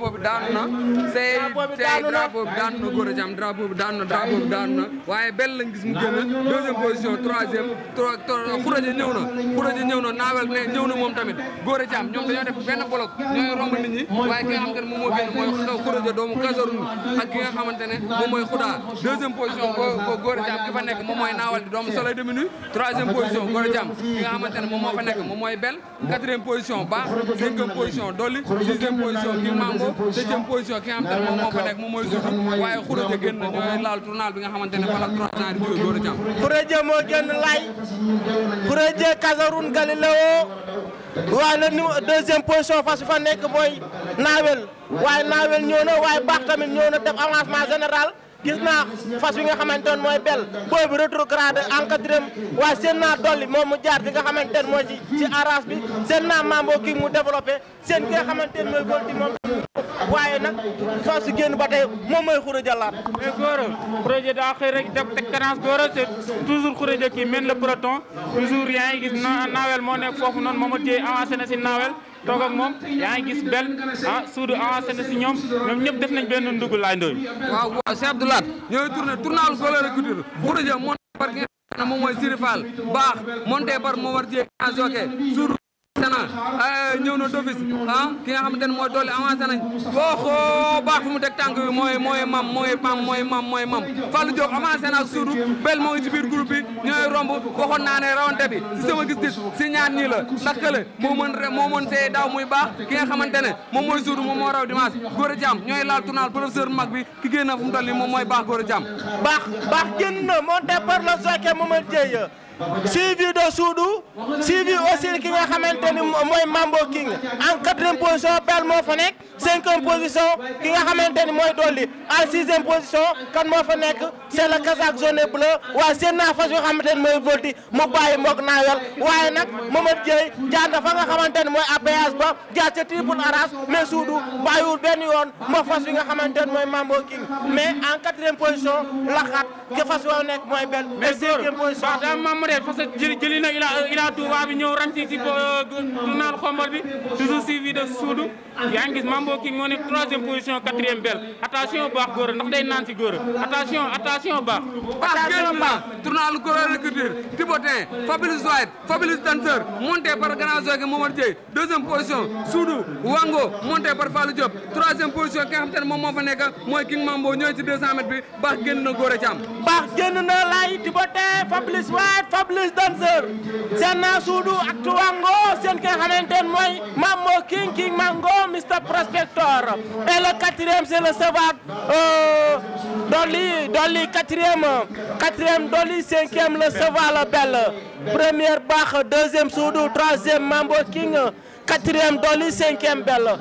drapeau bi daanu na say say drapeau bi daanu na góor a jàmm drapeau bi daanu na drapeau bi daanu na waaye benn lañ gis mu génn deuxième position troisième trois xuraja ñëw na xuraja ñëw na naawel ne ñëw na moom tamit góor a jàmm ñoom dañoo def benn bloc ñooy romb nit ñi waaye ki nga xamante ne moom moo génn mooy xuraja doomu Kazaroun ak ki nga xamante ne moom mooy xudaa deuxième position ko góor a jàmm ki fa nekk moom mooy naawel di doomu soleil de minuit troisième position góor a jàmm ki nga xamante ne moom moo fa nekk moom mooy bel quatrième position baax cinquième position dolli sixième position ki mango deuxième position ki nga xamante ne moom moo fa nekk moom mooy na ñooy laal tournal bi a nekk mooy naawel waaye na waaye baax na def avancement général. gis naa fas yi nga xamante ne mooy bel boobu rétrograde encadré waaye seen naa dolli moom mu jaar di nga xamante ne mooy ci ci bi seen naa mambo kii mu développé seen ki nga xamante mooy góor gi moom. waye nak soo si génn ba tey moom mooy Khouredia Laat. mais Gora Khouredia daa rek def tek trans Gora c'est toujours Khouredia ki men le breton toujours yaa gis naawel moo nekk foofu noonu moom a téye avancé na ci nawel tok ak mom yaa ngi gis bel ah soudou avancer na ci ñom ñom ñep def nañ ben ndugu lay ndoy waaw waaw Cheikh tournal Lahat rek tourné tournage Color et Couture Khouredia moom moy Sirifal bax monté par mo Momar Dieng en jockey ah eh, ñëw na d'office ah ki nga xamante ne mooy doole avancé nañ boo baax fu mu teg tànk mooy mooy mam mooy mam mooy mam Fallou Diop avancé na suudu bel moo ngi ci bi ñooy romb waxoon naa rawante bi si sama gis si ñaar ñii la moo mën moo mën see daaw muy baax ki nga ne moom mooy suudu moom moo raw dimanche góor a ñooy laal tournal professeur mag bi ki génn fu mu toll nii mooy baax góor a jaam baax baax génn monté par le sac Mamadou Dieye suivi de Soudou suivi aussi ki nga xamante moi Mambo King en quatrième position Belle moo fa cinquième position ki nga xamante Dolly en sixième position kan moo c'est le Kazakh jaune bleu Ou à naa fas yoo xamante ni mooy Volti ou à mboog naa yor waaye nag Momadou Dieye jaar na nga ba jaar arras mais Soudou Bayou Benyon, Moi moo fas yi nga Mambo King mais en quatrième position Lakat, ki fas yoo moi mooy mais cinquième position def parce que jëli jëli na Ila Touba bi ñëw ran si si euh, journal xombal bi toujours suivi suudu yaa ngi gis Mambo King moo position quatrième bel attention baax góor ndax day naan si góor attention attention baax attention baax tournal Corée de culture White Fabulous Dancer monté par Grand Zogue Momar Dieye par Fallou Diop troisième position ki nga xam te moom moo fa nekk mooy King Mambo ñëw ci 200 mètres bi baax génn na góor a jàmm baax génn na laay Thibaudin Fabrice Wade Fabrice Dancer seen naa suudu Wango mooy Mamo King King Mango Mr Prospector et le quatrième c'est le euh, Dolly Dolly Dolly cinquième le Sevat la Belle première baax deuxième suudu troisième Mambo King quatrième Dolly cinquième Belle